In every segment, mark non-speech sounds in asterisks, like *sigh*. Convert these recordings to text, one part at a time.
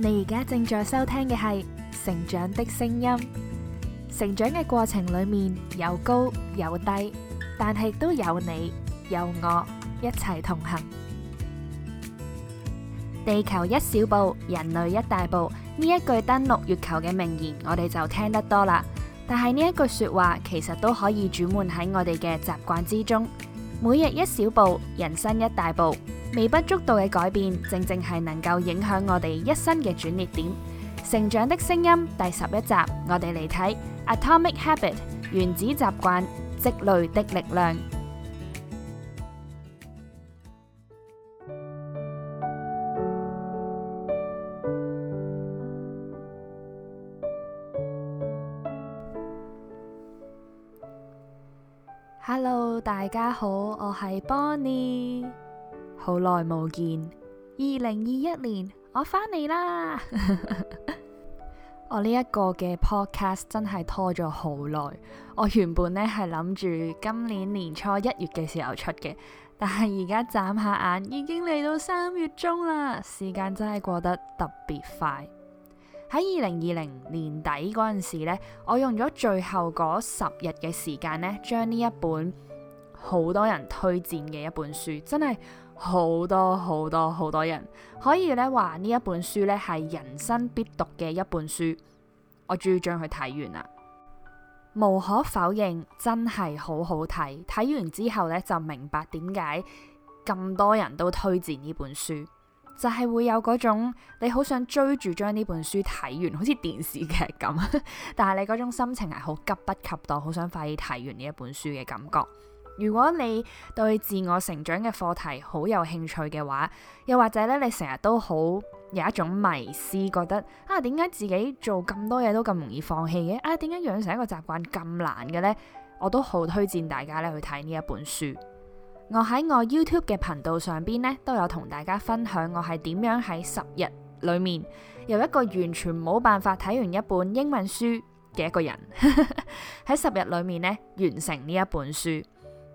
你而家正在收聽嘅係《成長的聲音》。成長嘅過程裏面有高有低，但係都有你有我一齊同行。地球一小步，人類一大步。呢一句登陸月球嘅名言，我哋就聽得多啦。但係呢一句說話，其實都可以轉換喺我哋嘅習慣之中。每日一小步，人生一大步。微不足道嘅改變，正正係能夠影響我哋一生嘅轉捩點。成長的聲音第十一集，我哋嚟睇 Atomic Habit 原子習慣積累的力量。Hello，大家好，我係 Bonnie。好耐冇見，二零二一年我返嚟啦！我呢一 *laughs* 個嘅 podcast 真係拖咗好耐。我原本呢係諗住今年年初一月嘅時候出嘅，但係而家眨下眼已經嚟到三月中啦，時間真係過得特別快。喺二零二零年底嗰陣時呢，我用咗最後嗰十日嘅時間呢，將呢一本好多人推薦嘅一本書，真係～好多好多好多人可以咧話呢一本書咧係人生必讀嘅一本書，我終於將佢睇完啦。無可否認，真係好好睇。睇完之後咧就明白點解咁多人都推薦呢本書，就係會有嗰種你好想追住將呢本書睇完，好似電視劇咁。但係你嗰種心情係好急不及待，好想快啲睇完呢一本書嘅感覺。如果你對自我成長嘅課題好有興趣嘅話，又或者咧你成日都好有一種迷思，覺得啊點解自己做咁多嘢都咁容易放棄嘅？啊點解養成一個習慣咁難嘅呢？我都好推薦大家咧去睇呢一本書。我喺我 YouTube 嘅頻道上邊咧都有同大家分享我係點樣喺十日裏面由一個完全冇辦法睇完一本英文書嘅一個人喺 *laughs* 十日裏面咧完成呢一本書。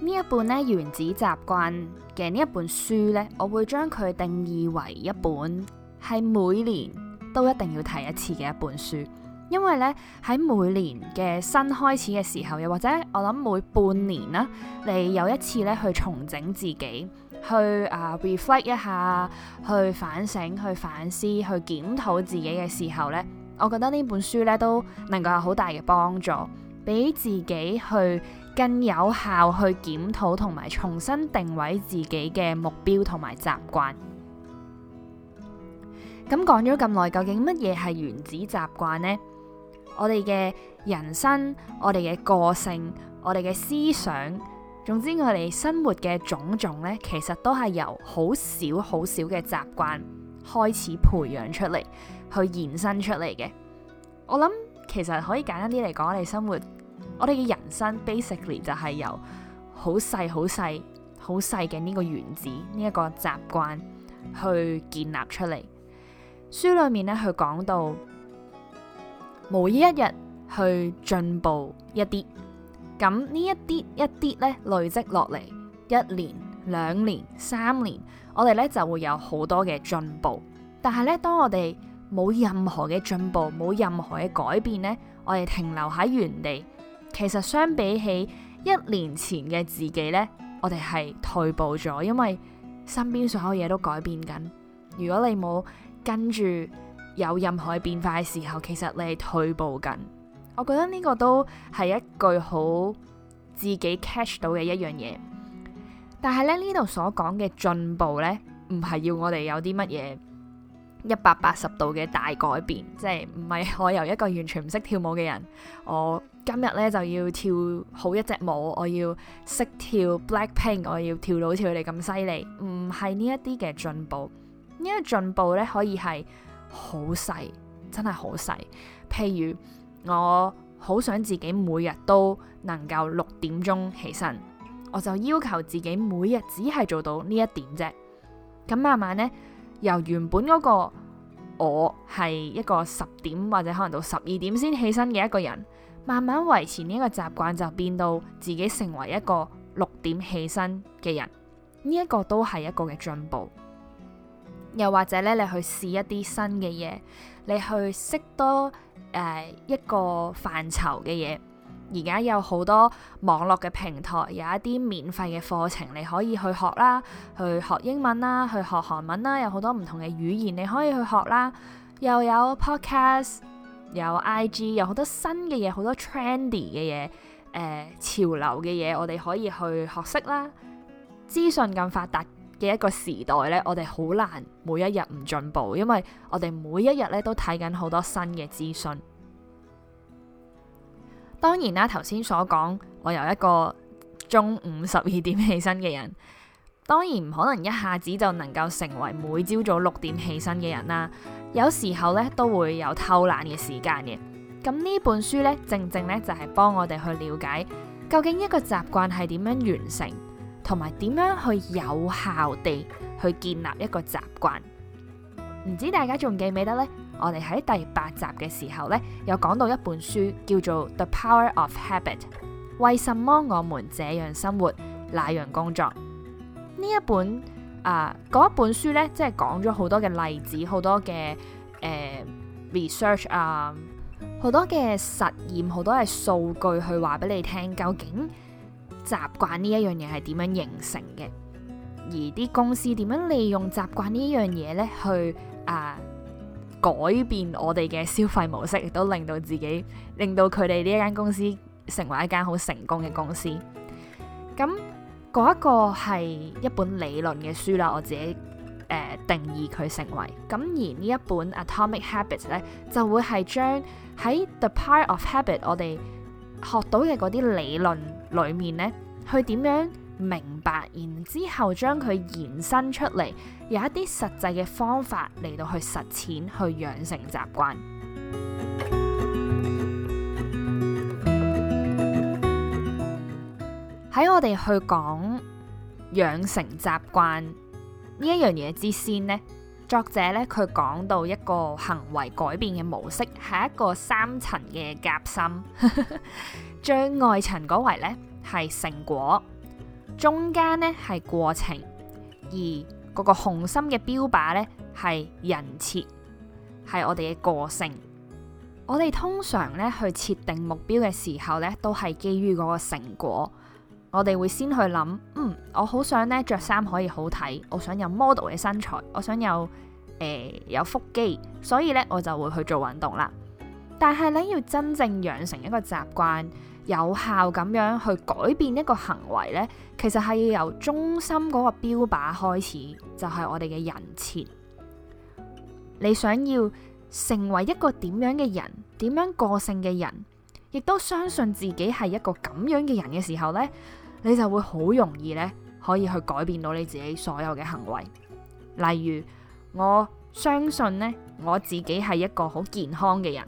呢一本咧原子習慣嘅呢一本書呢我會將佢定義為一本係每年都一定要睇一次嘅一本書，因為呢，喺每年嘅新開始嘅時候，又或者我諗每半年啦，你有一次咧去重整自己，去啊、uh, reflect 一下，去反省、去反思、去檢討自己嘅時候呢，我覺得呢本書呢都能夠有好大嘅幫助，俾自己去。更有效去檢討同埋重新定位自己嘅目標同埋習慣。咁講咗咁耐，究竟乜嘢係原子習慣呢？我哋嘅人生、我哋嘅個性、我哋嘅思想，總之我哋生活嘅種種呢，其實都係由好少好少嘅習慣開始培養出嚟，去延伸出嚟嘅。我諗其實可以簡單啲嚟講，我哋生活，我哋嘅人生 basically 就係由好細、好細、好細嘅呢個原子呢一個習慣去建立出嚟。書裏面咧，佢講到，每一日去進步一啲，咁呢一啲一啲咧累積落嚟，一年、兩年、三年，我哋咧就會有好多嘅進步。但係咧，當我哋冇任何嘅進步，冇任何嘅改變咧，我哋停留喺原地。其實相比起一年前嘅自己呢，我哋係退步咗，因為身邊所有嘢都改變緊。如果你冇跟住有任何嘅變化嘅時候，其實你係退步緊。我覺得呢個都係一句好自己 catch 到嘅一樣嘢。但係咧，呢度所講嘅進步呢，唔係要我哋有啲乜嘢。一百八十度嘅大改變，即係唔係我由一個完全唔識跳舞嘅人，我今日咧就要跳好一隻舞，我要識跳 Black Pink，我要跳到好似佢哋咁犀利，唔係呢一啲嘅進步。呢一進步咧可以係好細，真係好細。譬如我好想自己每日都能夠六點鐘起身，我就要求自己每日只係做到呢一點啫。咁慢慢呢。由原本嗰個我係一個十點或者可能到十二點先起身嘅一個人，慢慢維持呢一個習慣就變到自己成為一個六點起身嘅人，呢一個都係一個嘅進步。又或者咧，你去試一啲新嘅嘢，你去識多誒、一個範疇嘅嘢。而家有好多網絡嘅平台，有一啲免費嘅課程你可以去學啦，去學英文啦，去學韓文啦，有好多唔同嘅語言你可以去學啦。又有 podcast，有 IG，有好多新嘅嘢，好多 trendy 嘅嘢，誒、呃、潮流嘅嘢，我哋可以去學識啦。資訊咁發達嘅一個時代呢，我哋好難每一日唔進步，因為我哋每一日呢都睇緊好多新嘅資訊。當然啦，頭先所講，我由一個中午十二點起身嘅人，當然唔可能一下子就能夠成為每朝早六點起身嘅人啦。有時候咧，都會有偷懶嘅時間嘅。咁呢本書咧，正正咧就係幫我哋去了解究竟一個習慣係點樣完成，同埋點樣去有效地去建立一個習慣。唔知大家仲記唔記得咧？我哋喺第八集嘅時候呢，有講到一本書叫做《The Power of Habit》。為什麼我們這樣生活、那樣工作？呢一本啊，嗰、呃、一本書呢，即係講咗好多嘅例子，好多嘅誒、呃、research 啊、呃，好多嘅實驗，好多嘅數據去話俾你聽，究竟習慣呢一樣嘢係點樣形成嘅？而啲公司點樣利用習慣呢一樣嘢呢？去啊？呃改變我哋嘅消費模式，亦都令到自己，令到佢哋呢一間公司成為一間好成功嘅公司。咁嗰一個係一本理論嘅書啦，我自己誒、呃、定義佢成為咁。而呢一本《Atomic Habits》咧，就會係將喺《The Power of Habit》我哋學到嘅嗰啲理論裡面咧，去點樣？明白，然之後將佢延伸出嚟，有一啲實際嘅方法嚟到去實踐，去養成習慣。喺 *music* 我哋去講養成習慣呢一樣嘢之先呢，作者呢，佢講到一個行為改變嘅模式，係一個三層嘅夾心， *laughs* 最外層嗰圍呢，係成果。中間呢係過程，而嗰個紅心嘅標靶呢係人設，係我哋嘅個性。我哋通常呢去設定目標嘅時候呢，都係基於嗰個成果。我哋會先去諗，嗯，我好想呢着衫可以好睇，我想有 model 嘅身材，我想有誒、呃、有腹肌，所以呢，我就會去做運動啦。但係你要真正養成一個習慣，有效咁樣去改變一個行為呢，其實係要由中心嗰個標靶開始，就係我哋嘅人設。你想要成為一個點樣嘅人，點樣個性嘅人，亦都相信自己係一個咁樣嘅人嘅時候呢，你就會好容易呢可以去改變到你自己所有嘅行為。例如，我相信呢，我自己係一個好健康嘅人。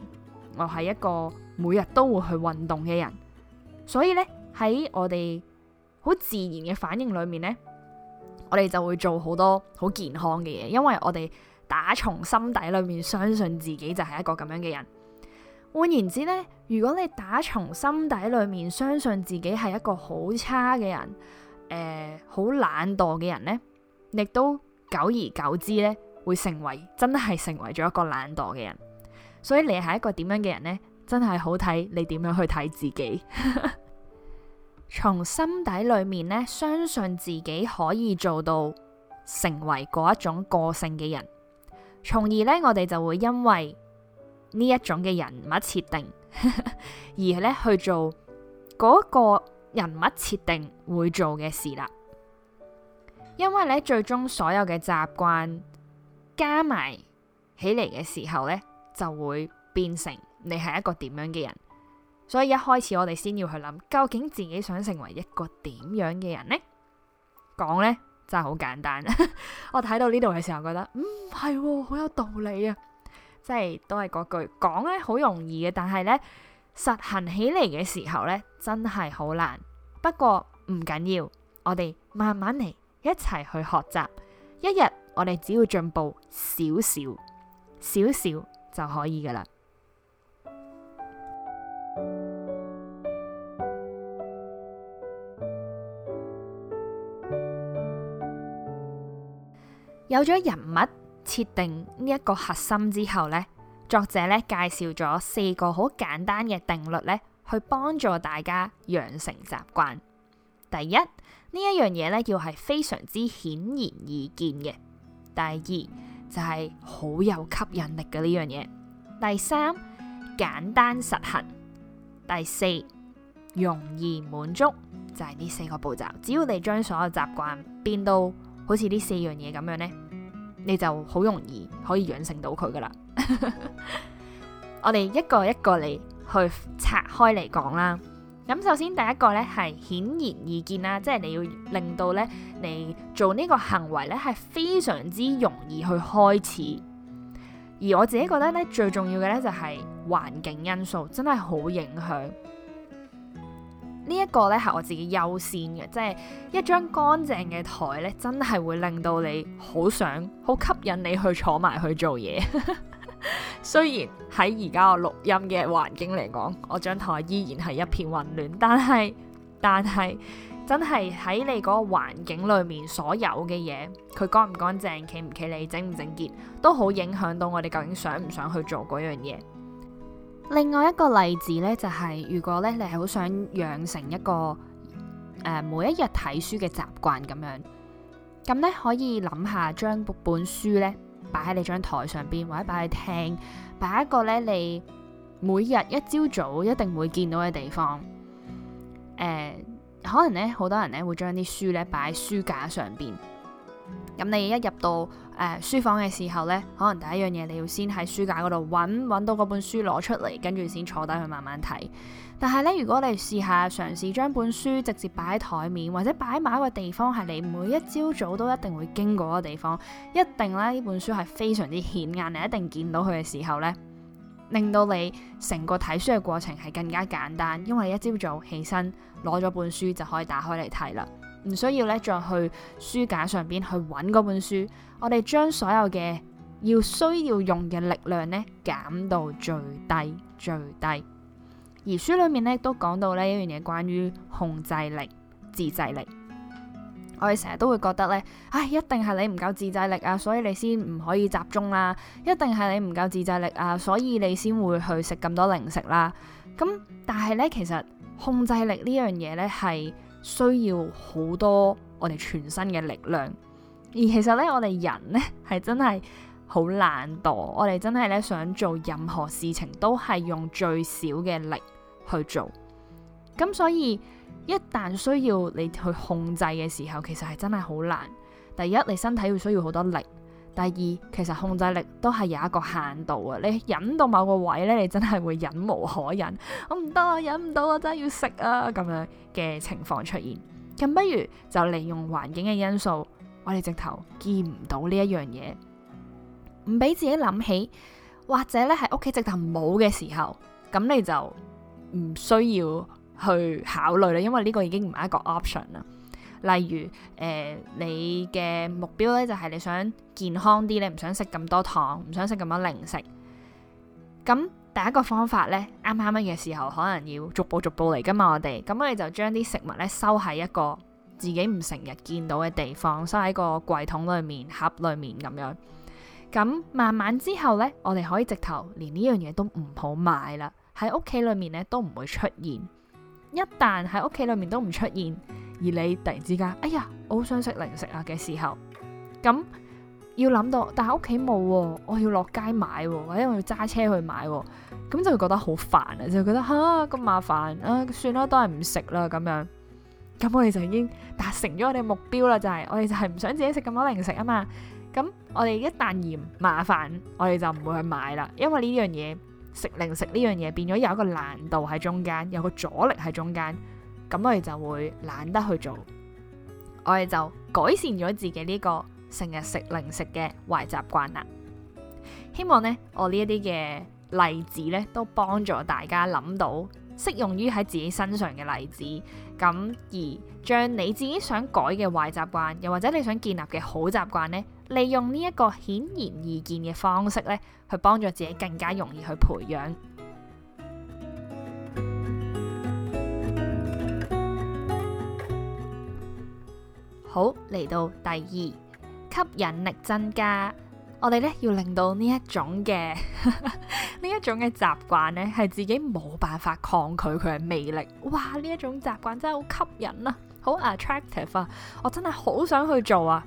我係一個每日都會去運動嘅人，所以呢，喺我哋好自然嘅反應裏面呢，我哋就會做好多好健康嘅嘢，因為我哋打從心底裏面相信自己就係一個咁樣嘅人。換言之呢，如果你打從心底裏面相信自己係一個好差嘅人，誒、呃，好懶惰嘅人呢，亦都久而久之呢，會成為真係成為咗一個懶惰嘅人。所以你係一個點樣嘅人呢？真係好睇你點樣去睇自己， *laughs* 從心底裏面呢，相信自己可以做到成為嗰一種個性嘅人，從而呢，我哋就會因為呢一種嘅人物設定 *laughs* 而呢去做嗰一個人物設定會做嘅事啦。因為呢，最終所有嘅習慣加埋起嚟嘅時候呢，就會變成你係一個點樣嘅人，所以一開始我哋先要去諗，究竟自己想成為一個點樣嘅人呢？講呢，真係好簡單。 *laughs* 我睇到呢度嘅時候，覺得嗯係、哦、好有道理啊，即係都係嗰句講呢，好容易嘅，但係呢，實行起嚟嘅時候呢，真係好難。不過唔緊要，我哋慢慢嚟，一齊去學習。一日我哋只要進步少少少少。小小小小就可以噶啦。有咗人物設定呢一個核心之後呢，作者呢介紹咗四個好簡單嘅定律呢，去幫助大家養成習慣。第一，呢一樣嘢呢，要係非常之顯而易見嘅。第二。就係好有吸引力嘅呢樣嘢。第三，簡單實行。第四，容易滿足。就係呢四個步驟。只要你將所有習慣變到好似呢四樣嘢咁樣呢，你就好容易可以養成到佢噶啦。 *laughs* 我哋一個一個嚟去拆開嚟講啦。咁首先第一個咧係顯而易見啦，即係你要令到咧你做呢個行為咧係非常之容易去開始。而我自己覺得咧最重要嘅咧就係環境因素，真係好影響。呢一個咧係我自己優先嘅，即係一張乾淨嘅台咧，真係會令到你好想、好吸引你去坐埋去做嘢。 *laughs* 雖然喺而家我錄音嘅環境嚟講，我張枱依然係一片混亂，但係但係真係喺你嗰個環境裡面所有嘅嘢，佢乾唔乾淨，企唔企理，整唔整潔，都好影響到我哋究竟想唔想去做嗰樣嘢。另外一個例子呢，就係、是、如果咧你係好想養成一個誒、呃、每一日睇書嘅習慣咁樣，咁咧可以諗下將本書咧。擺喺你張台上邊，或者擺喺廳，擺一個咧你每日一朝早一定會見到嘅地方。誒、呃，可能咧好多人咧會將啲書咧擺喺書架上邊。咁你一入到誒、呃、書房嘅時候呢，可能第一樣嘢你要先喺書架嗰度揾揾到嗰本書攞出嚟，跟住先坐低去慢慢睇。但係呢，如果你試下嘗試將本書直接擺喺台面，或者擺埋一個地方係你每一朝早都一定會經過嘅地方，一定呢呢本書係非常之顯眼，你一定見到佢嘅時候呢，令到你成個睇書嘅過程係更加簡單，因為一朝早起身攞咗本書就可以打開嚟睇啦。唔需要呢，再去書架上邊去揾嗰本書。我哋將所有嘅要需要用嘅力量呢，減到最低最低。而書裏面呢都講到呢一樣嘢，關於控制力、自制力。我哋成日都會覺得呢，唉，一定係你唔夠自制力啊，所以你先唔可以集中啦、啊。一定係你唔夠自制力啊，所以你先會去食咁多零食啦、啊。咁但係呢，其實控制力呢樣嘢呢，係。需要好多我哋全身嘅力量，而其實咧，我哋人呢係真係好懶惰，我哋真係咧想做任何事情都係用最少嘅力去做，咁所以一旦需要你去控制嘅時候，其實係真係好難。第一，你身體會需要好多力。第二，其實控制力都係有一個限度啊！你忍到某個位呢，你真係會忍無可忍，我唔得啊，忍唔到啊，真係要食啊咁樣嘅情況出現，咁不如就利用環境嘅因素，我哋直頭見唔到呢一樣嘢，唔俾自己諗起，或者呢喺屋企直頭冇嘅時候，咁你就唔需要去考慮啦，因為呢個已經唔係一個 option 啦。例如，誒、呃、你嘅目標呢，就係、是、你想健康啲，你唔想食咁多糖，唔想食咁多零食。咁第一個方法呢，啱啱啱嘅時候可能要逐步逐步嚟㗎嘛。我哋咁我哋就將啲食物呢收喺一個自己唔成日見到嘅地方，收喺個櫃桶裏面、盒裏面咁樣。咁慢慢之後呢，我哋可以直頭連呢樣嘢都唔好買啦，喺屋企裏面呢，都唔會出現。一旦喺屋企裏面都唔出現。而你突然之間，哎呀，我好想食零食啊嘅時候，咁要諗到，但係屋企冇喎，我要落街買喎，或者我要揸車去買喎，咁就會覺得好煩啊，就會覺得嚇咁麻煩啊，算啦，都係唔食啦咁樣。咁我哋就已經達成咗我哋目標啦，就係我哋就係唔想自己食咁多零食啊嘛。咁我哋一旦嫌麻煩，我哋就唔會去買啦，因為呢樣嘢食零食呢樣嘢變咗有一個難度喺中間，有個阻力喺中間。咁我哋就會懶得去做，我哋就改善咗自己呢個成日食零食嘅壞習慣啦。希望呢，我呢一啲嘅例子呢，都幫助大家諗到適用於喺自己身上嘅例子，咁而將你自己想改嘅壞習慣，又或者你想建立嘅好習慣呢，利用呢一個顯然易見嘅方式呢，去幫助自己更加容易去培養。好，嚟到第二，吸引力增加。我哋呢要令到呢一種嘅呢 *laughs* 一種嘅習慣呢，係自己冇辦法抗拒佢嘅魅力。哇！呢一種習慣真係好吸引啊，好 attractive 啊，我真係好想去做啊。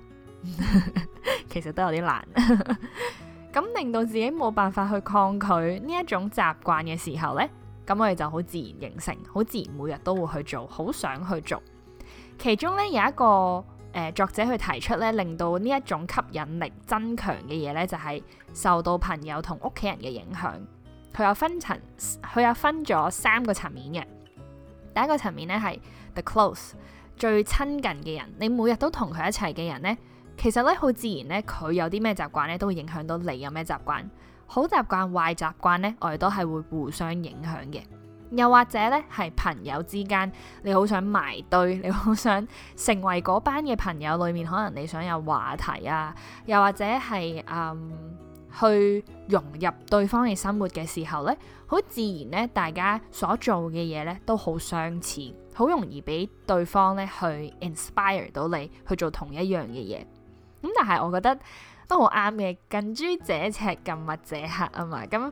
*laughs* 其實都有啲難，咁 *laughs* 令到自己冇辦法去抗拒呢一種習慣嘅時候呢，咁我哋就好自然形成，好自然每日都會去做好想去做。其中咧有一個誒、呃、作者去提出咧，令到呢一種吸引力增強嘅嘢咧，就係、是、受到朋友同屋企人嘅影響。佢有分層，佢有分咗三個層面嘅。第一個層面咧係 the close 最親近嘅人，你每日都同佢一齊嘅人咧，其實咧好自然咧，佢有啲咩習慣咧，都會影響到你有咩習慣。好習慣、壞習慣咧，我哋都係會互相影響嘅。又或者咧，係朋友之間，你好想埋堆，你好想成為嗰班嘅朋友裏面，可能你想有話題啊，又或者係嗯，去融入對方嘅生活嘅時候咧，好自然咧，大家所做嘅嘢咧都好相似，好容易俾對方咧去 inspire 到你去做同一樣嘅嘢。咁但係我覺得都好啱嘅，近朱者赤，近墨者黑啊嘛。咁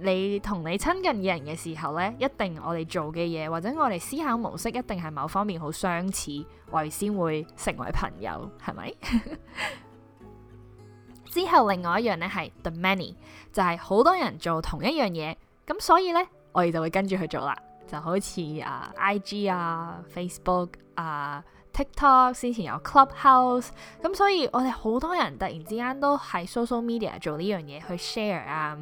你同你親近嘅人嘅時候呢，一定我哋做嘅嘢或者我哋思考模式一定係某方面好相似，我哋先會成為朋友，係咪？ *laughs* 之後另外一樣呢係 the many，就係好多人做同一樣嘢，咁所以呢，我哋就會跟住去做啦，就好似啊、uh, IG 啊、Facebook 啊。TikTok 先前有 Clubhouse，咁所以我哋好多人突然之間都喺 social media 做呢樣嘢去 share 啊，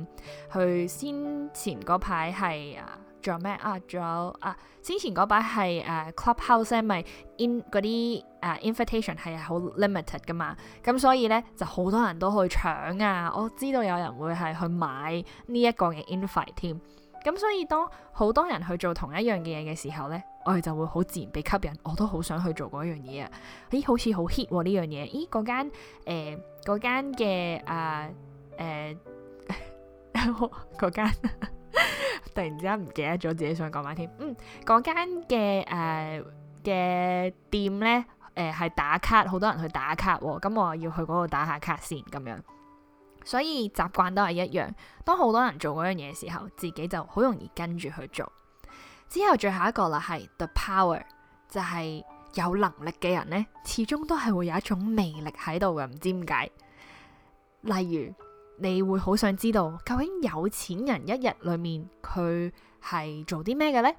去先前嗰排係做咩啊？仲有啊，先前嗰排係誒 Clubhouse 咧，咪、啊、in 嗰啲誒 invitation 係好 limited 噶嘛，咁所以咧就好多人都去搶啊。我知道有人會係去買呢一個嘅 invite 添、啊，咁所以當好多人去做同一樣嘅嘢嘅時候咧。我哋就會好自然被吸引，我都好想去做嗰樣嘢啊！咦，好似好 hit 呢樣嘢？咦，嗰間誒嗰間嘅啊誒嗰間突然之間唔記得咗自己想講埋添？嗯，嗰間嘅誒嘅店咧誒係打卡，好多人去打卡喎，咁我要去嗰度打下卡先咁樣。所以習慣都係一樣，當好多人做嗰樣嘢時候，自己就好容易跟住去做。之後，最後一個啦，係 The Power 就係有能力嘅人呢，始終都係會有一種魅力喺度嘅。唔知點解，例如你會好想知道究竟有錢人一日裏面佢係做啲咩嘅呢？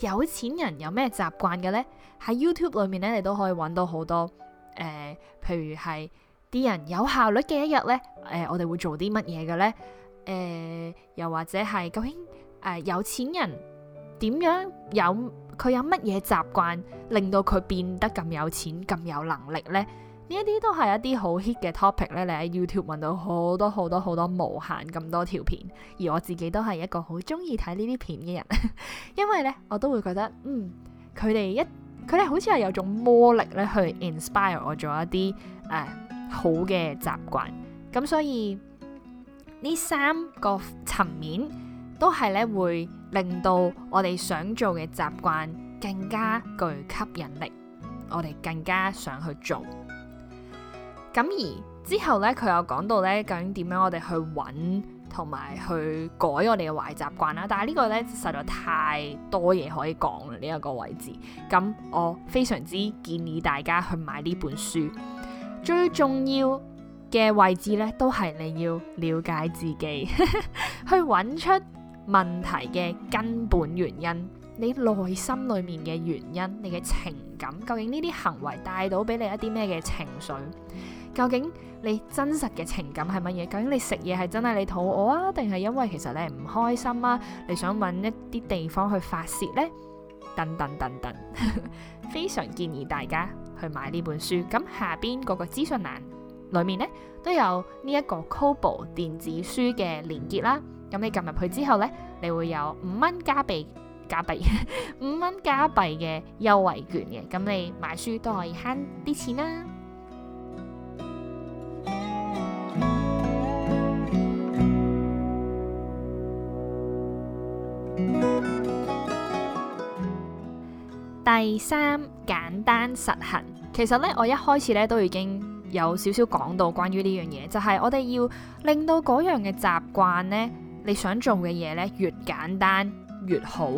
有錢人有咩習慣嘅呢？喺 YouTube 裏面呢，你都可以揾到好多、呃、譬如係啲人有效率嘅一日、呃、呢，我哋會做啲乜嘢嘅呢？又或者係究竟、呃、有錢人？點樣有佢，有乜嘢習慣令到佢變得咁有錢，咁有能力呢？呢一啲都係一啲好 hit 嘅 topic 咧，你喺 YouTube 搵到好多好多好多無限咁多條片，而我自己都係一個好中意睇呢啲片嘅人， *laughs* 因為呢，我都會覺得，嗯，佢哋一佢哋好似係有種魔力咧去 inspire 我做一啲誒、呃、好嘅習慣，咁所以呢三個層面。都係咧會令到我哋想做嘅習慣更加具吸引力，我哋更加想去做。咁而之後咧，佢又講到咧，究竟點樣我哋去揾同埋去改我哋嘅壞習慣啦？但係呢個咧實在太多嘢可以講，呢一個位置。咁我非常之建議大家去買呢本書。最重要嘅位置咧，都係你要了解自己， *laughs* 去揾出。問題嘅根本原因，你內心裡面嘅原因，你嘅情感，究竟呢啲行為帶到俾你一啲咩嘅情緒？究竟你真實嘅情感係乜嘢？究竟你食嘢係真係你肚餓啊，定係因為其實你唔開心啊？你想揾一啲地方去發泄呢？等等等等， *laughs* 非常建議大家去買呢本書。咁下邊嗰個資訊欄裡面呢，都有呢一個 Kobo 電子書嘅連結啦。咁你撳入去之後呢，你會有五蚊加幣加幣五蚊加幣嘅優惠券嘅。咁你買書都可以慳啲錢啦。第三，簡單實行。其實呢，我一開始呢都已經有少少講到關於呢樣嘢，就係我哋要令到嗰樣嘅習慣呢。你想做嘅嘢咧，越簡單越好，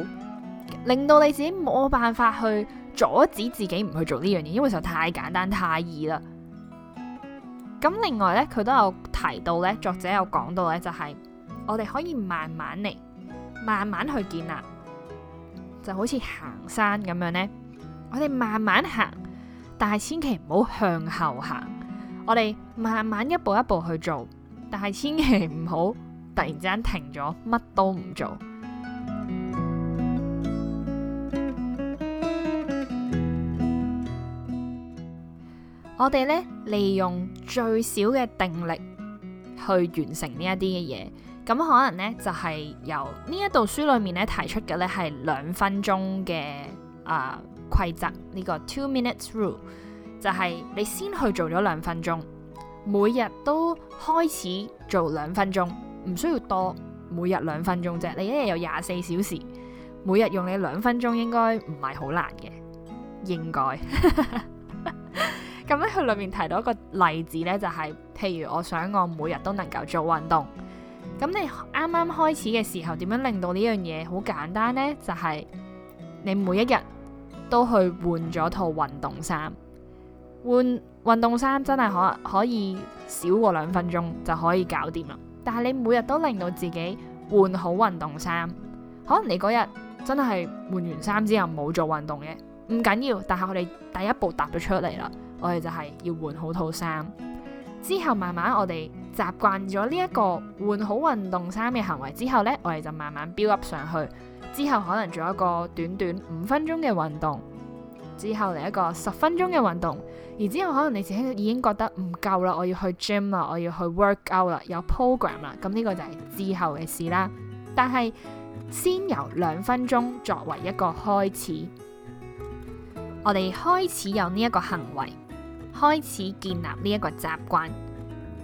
令到你自己冇辦法去阻止自己唔去做呢樣嘢，因為實在太簡單太易啦。咁另外咧，佢都有提到咧，作者有講到咧、就是，就係我哋可以慢慢嚟，慢慢去建立，就好似行山咁樣咧，我哋慢慢行，但係千祈唔好向後行，我哋慢慢一步一步去做，但係千祈唔好。突然之間停咗，乜都唔做。 *music* 我哋咧利用最少嘅定力去完成呢一啲嘅嘢，咁可能呢，就係、是、由呢一度書裡面咧提出嘅咧係兩分鐘嘅啊規則呢個 Two Minutes Rule，就係你先去做咗兩分鐘，每日都開始做兩分鐘。唔需要多，每日兩分鐘啫。你一日有廿四小時，每日用你兩分鐘，應該唔係好難嘅，應該咁咧。佢裏面提到一個例子呢、就是，就係譬如我想我每日都能夠做運動。咁你啱啱開始嘅時候，點樣令到呢樣嘢好簡單呢？就係、是、你每一日都去換咗套運動衫，換運動衫真係可可以少過兩分鐘就可以搞掂啦。但係你每日都令到自己換好運動衫，可能你嗰日真係換完衫之後冇做運動嘅，唔緊要。但係我哋第一步踏咗出嚟啦，我哋就係要換好套衫。之後慢慢我哋習慣咗呢一個換好運動衫嘅行為之後呢，我哋就慢慢 build up 上去。之後可能做一個短短五分鐘嘅運動。之後嚟一個十分鐘嘅運動，然之後可能你自己已經覺得唔夠啦，我要去 gym 啦，我要去 work out 啦，有 program 啦，咁呢個就係之後嘅事啦。但係先由兩分鐘作為一個開始， *music* 我哋開始有呢一個行為，開始建立呢一個習慣。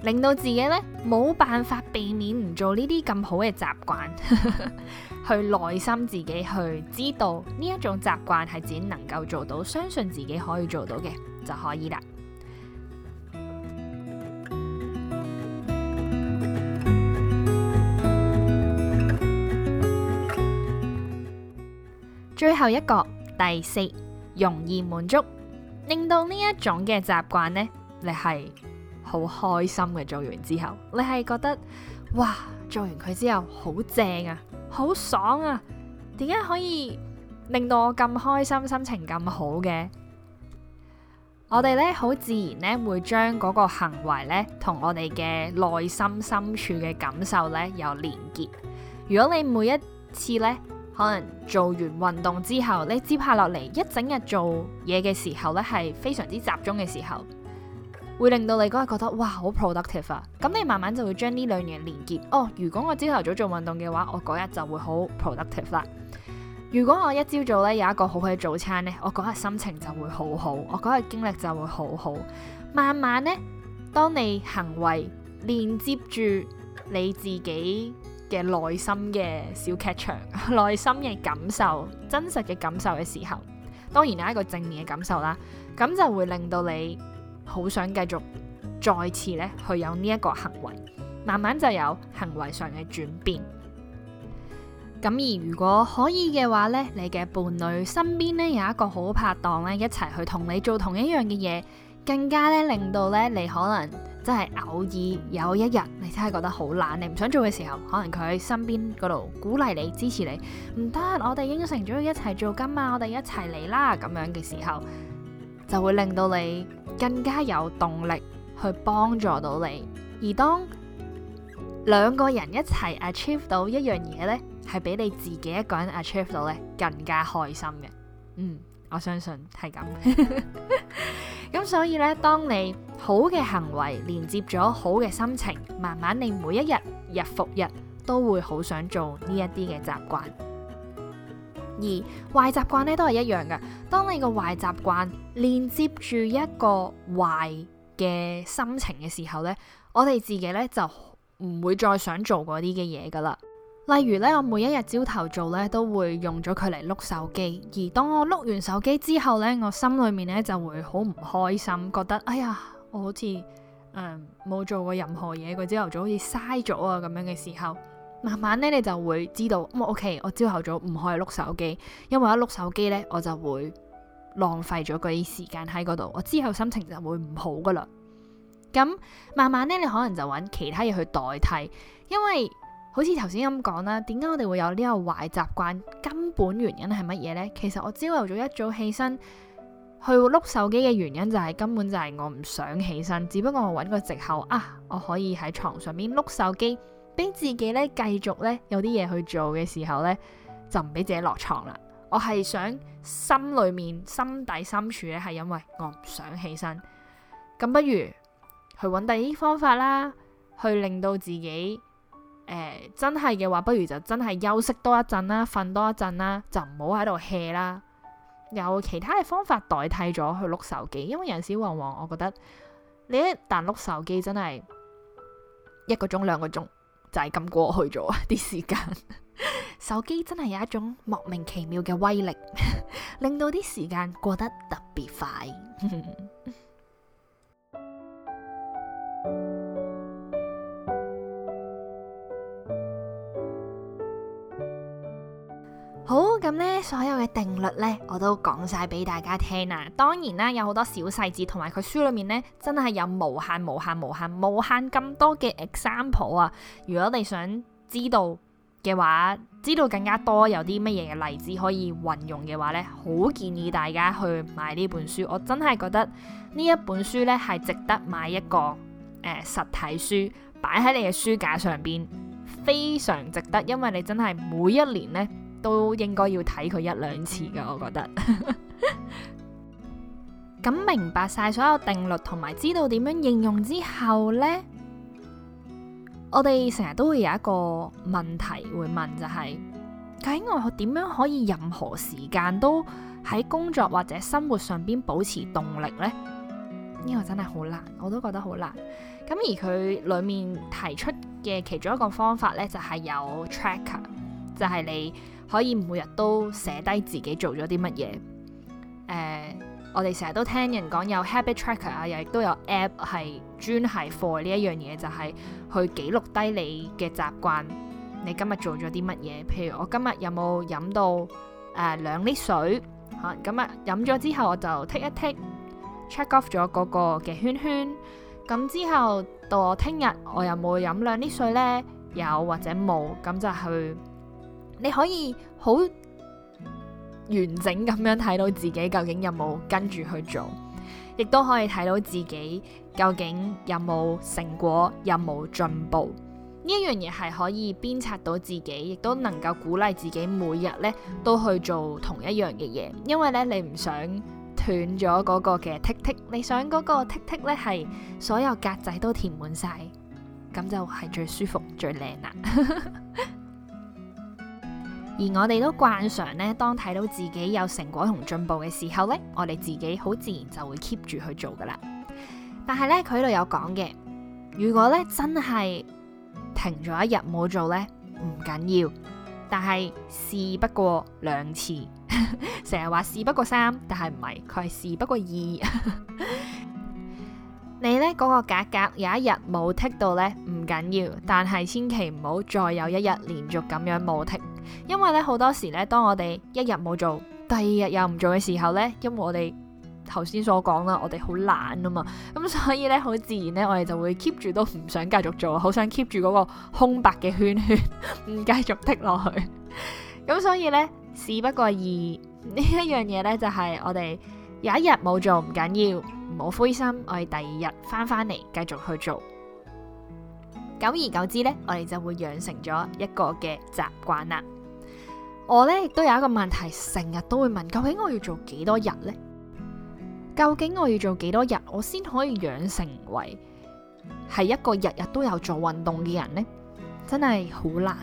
令到自己呢冇辦法避免唔做呢啲咁好嘅習慣， *laughs* 去內心自己去知道呢一種習慣係自己能夠做到，相信自己可以做到嘅就可以啦。最後一個第四，容易滿足，令到呢一種嘅習慣呢，你係。好開心嘅做完之後，你係覺得哇做完佢之後好正啊，好爽啊！點解可以令到我咁開心、心情咁好嘅？我哋咧好自然咧會將嗰個行為咧同我哋嘅內心深處嘅感受咧有連結。如果你每一次咧可能做完運動之後，你接下落嚟一整日做嘢嘅時候咧係非常之集中嘅時候。會令到你嗰日覺得哇好 productive 啊！咁你慢慢就會將呢兩樣連結哦。如果我朝頭早做運動嘅話，我嗰日就會好 productive 啦。如果我一朝早咧有一個好好嘅早餐呢，我嗰日心情就會好好，我嗰日經歷就會好好。慢慢呢，當你行為連接住你自己嘅內心嘅小劇場、內心嘅感受、真實嘅感受嘅時候，當然有一個正面嘅感受啦。咁就會令到你。好想繼續再次咧去有呢一個行為，慢慢就有行為上嘅轉變。咁而如果可以嘅話呢，你嘅伴侶身邊咧有一個好拍檔咧，一齊去同你做同一樣嘅嘢，更加咧令到咧你可能真係偶爾有一日你真係覺得好懶，你唔想做嘅時候，可能佢喺身邊嗰度鼓勵你、支持你。唔得，我哋應承咗要一齊做㗎嘛，今晚我哋一齊嚟啦。咁樣嘅時候。就會令到你更加有動力去幫助到你，而當兩個人一齊 achieve 到一樣嘢呢，係比你自己一個人 achieve 到呢更加開心嘅。嗯，我相信係咁。咁所以呢，當你好嘅行為連接咗好嘅心情，慢慢你每一日日復日都會好想做呢一啲嘅習慣。而壞習慣咧都係一樣嘅，當你個壞習慣連接住一個壞嘅心情嘅時候呢,我哋自己呢就唔會再想做嗰啲嘅嘢噶啦。例如呢，我每一日朝頭早呢都會用咗佢嚟碌手機，而當我碌完手機之後呢，我心裏面呢就會好唔開心，覺得哎呀，我好似冇、嗯、做過任何嘢，佢朝頭早好似嘥咗啊咁樣嘅時候。慢慢咧，你就會知道、嗯、O、okay, K，我朝頭早唔可以碌手機，因為一碌手機呢，我就會浪費咗嗰啲時間喺嗰度，我之後心情就會唔好㗎喇。咁慢慢呢，你可能就揾其他嘢去代替，因為好似頭先咁講啦，點解我哋會有呢個壞習慣？根本原因係乜嘢呢？其實我朝頭早一早起身去碌手機嘅原因就係、是、根本就係我唔想起身，只不過我揾個藉口啊，我可以喺床上面碌手機。俾自己咧繼續咧有啲嘢去做嘅時候咧，就唔俾自己落床啦。我係想心裏面、心底深處咧，係因為我唔想起身。咁不如去揾第二啲方法啦，去令到自己誒、呃、真係嘅話，不如就真係休息多一陣啦，瞓多一陣啦，就唔好喺度 hea 啦。有其他嘅方法代替咗去碌手機，因為有時往往我覺得你一旦碌手機真係一個鐘兩個鐘。就係咁過去咗啊啲時間， *laughs* 手機真係有一種莫名其妙嘅威力， *laughs* 令到啲時間過得特別快。 *laughs* 好，咁呢所有嘅定律呢，我都講晒俾大家聽啊。當然啦，有好多小細節，同埋佢書裏面呢，真係有無限、無限、無限、無限咁多嘅 example 啊。如果你想知道嘅話，知道更加多有啲乜嘢嘅例子可以運用嘅話呢，好建議大家去買呢本書。我真係覺得呢一本書呢，係值得買一個誒、呃、實體書擺喺你嘅書架上邊，非常值得，因為你真係每一年呢。都應該要睇佢一兩次㗎，我覺得咁 *laughs* *laughs* 明白晒所有定律，同埋知道點樣應用之後呢，我哋成日都會有一個問題會問，就是，就係 *laughs* 究竟我點樣可以任何時間都喺工作或者生活上邊保持動力呢？呢 *laughs* 個真係好難，我都覺得好難。咁而佢裏面提出嘅其中一個方法呢，就係，是、有 tracker，就係你。可以每日都寫低自己做咗啲乜嘢。誒，我哋成日都聽人講有 habit tracker 啊，又亦都有 app 係專係 for 呢一樣嘢，就係去記錄低你嘅習慣。你今日做咗啲乜嘢？譬如我今日有冇飲到誒兩 L 水？好，今日飲咗之後，我就剔一剔 check off 咗嗰個嘅圈圈。咁之後到我聽日，我又冇飲兩 L 水咧，有或者冇，咁就去。你可以好完整咁樣睇到自己究竟有冇跟住去做，亦都可以睇到自己究竟有冇成果，有冇進步。呢一樣嘢係可以鞭策到自己，亦都能夠鼓勵自己每日咧都去做同一樣嘅嘢，因為咧你唔想斷咗嗰個嘅 tick tick，你想嗰個 tick tick 咧係所有格仔都填滿晒，咁就係最舒服、最靚啦。 *laughs* 而我哋都慣常呢，當睇到自己有成果同進步嘅時候呢，我哋自己好自然就會 keep 住去做噶啦。但係呢，佢度有講嘅，如果呢真係停咗一日冇做呢，唔緊要。但係事不過兩次，成日話事不過三，但係唔係，佢係事不過二。 *laughs* 你呢嗰個格格有一日冇剔到呢，唔緊要，但係千祈唔好再有一日連續咁樣冇剔。因為咧好多時咧，當我哋一日冇做，第二日又唔做嘅時候咧，因為我哋頭先所講啦，我哋好懶啊嘛，咁所以咧好自然咧，我哋就會 keep 住都唔想繼續做，好想 keep 住嗰個空白嘅圈圈唔 *laughs* 繼續剔落去。咁 *laughs* 所以咧，事不過二呢一樣嘢咧，就係我哋有一日冇做唔緊要，唔好灰心，我哋第二日翻翻嚟繼續去做。久而久之咧，我哋就會養成咗一個嘅習慣啦。我咧亦都有一個問題，成日都會問，究竟我要做幾多日呢？究竟我要做幾多日，我先可以養成為係一個日日都有做運動嘅人呢？真係好難。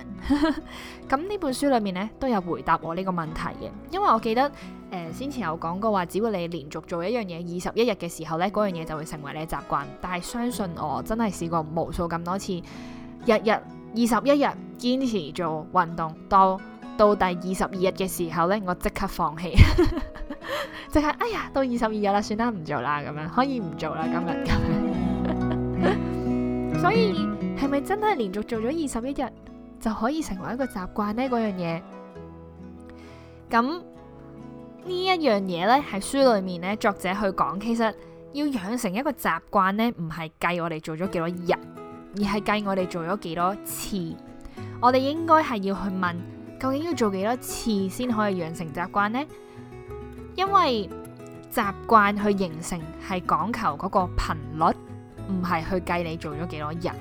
咁呢本書裏面呢都有回答我呢個問題嘅，因為我記得誒、呃、先前有講過話，只要你連續做一樣嘢二十一日嘅時候呢，嗰樣嘢就會成為你嘅習慣。但係相信我，真係試過無數咁多次，日日二十一日堅持做運動到。到第二十二日嘅時候呢，我即刻放棄， *laughs* 即係哎呀，到二十二日啦，算啦，唔做啦，咁樣，咁樣可以唔做啦，今日咁樣。 *laughs* *laughs* 所以係咪真係連續做咗二十一日就可以成為一個習慣呢？嗰樣嘢咁呢一樣嘢呢，喺書裏面呢，作者去講，其實要養成一個習慣呢，唔係計我哋做咗幾多日，而係計我哋做咗幾多次。我哋應該係要去問。究竟要做幾多次先可以養成習慣呢？因為習慣去形成係講求嗰個頻率，唔係去計你做咗幾多日。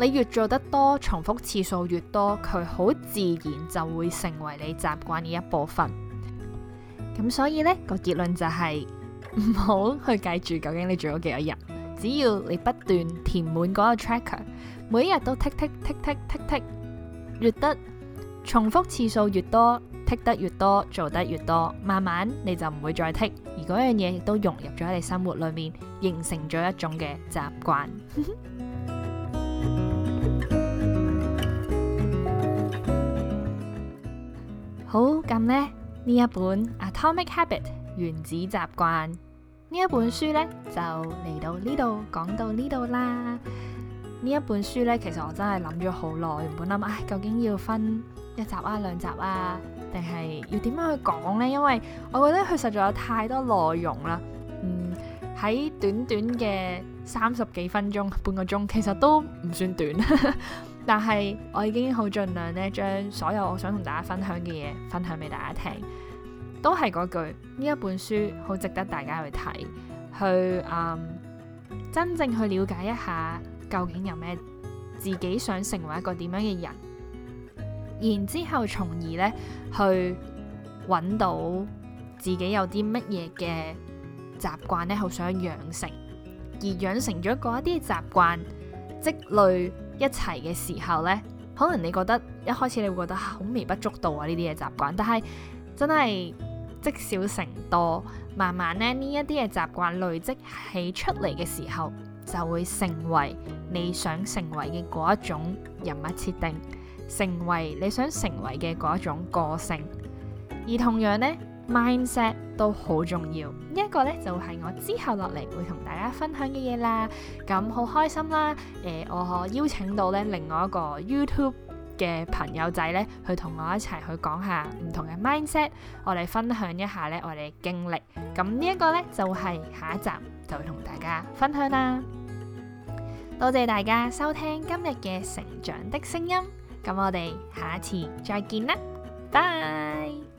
你越做得多，重複次數越多，佢好自然就會成為你習慣嘅一部分。咁所以呢，個結論就係唔好去計住究竟你做咗幾多日，只要你不斷填滿嗰個 tracker，每一日都 tick tick tick tick tick tick，越得。重複次數越多，剔得越多，做得越多，慢慢你就唔會再剔，而嗰樣嘢亦都融入咗喺你生活裏面，形成咗一種嘅習慣。好，咁咧呢一本 Atomic Habit 原子習慣呢一本書咧就嚟到呢度講到呢度啦。呢一本書咧其實我真係諗咗好耐，原本諗，唉，究竟要分。一集啊，兩集啊，定係要點樣去講呢？因為我覺得佢實在有太多內容啦。嗯，喺短短嘅三十幾分鐘，半個鐘，其實都唔算短。但係我已經好盡量呢，將所有我想同大家分享嘅嘢，分享俾大家聽。都係嗰句，呢一本書好值得大家去睇，去嗯，真正去了解一下究竟有咩自己想成為一個點樣嘅人。然之後從，從而咧去揾到自己有啲乜嘢嘅習慣咧，好想養成。而養成咗嗰一啲習慣，積累一齊嘅時候咧，可能你覺得一開始你會覺得好微不足道啊，呢啲嘅習慣，但係真係積少成多，慢慢咧呢一啲嘅習慣累積起出嚟嘅時候，就會成為你想成為嘅嗰一種人物設定。成為你想成為嘅嗰一種個性，而同樣咧，mindset 都好重要。一個咧就係我之後落嚟會同大家分享嘅嘢啦。咁好開心啦！誒，我邀請到咧另外一個 YouTube 嘅朋友仔咧，去同我一齊去講下唔同嘅 mindset，我哋分享一下咧我哋嘅經歷。咁呢一個咧就係下一集就同大家分享啦。多謝大家收聽今日嘅成長的聲音。咁我哋下次再見啦，拜拜。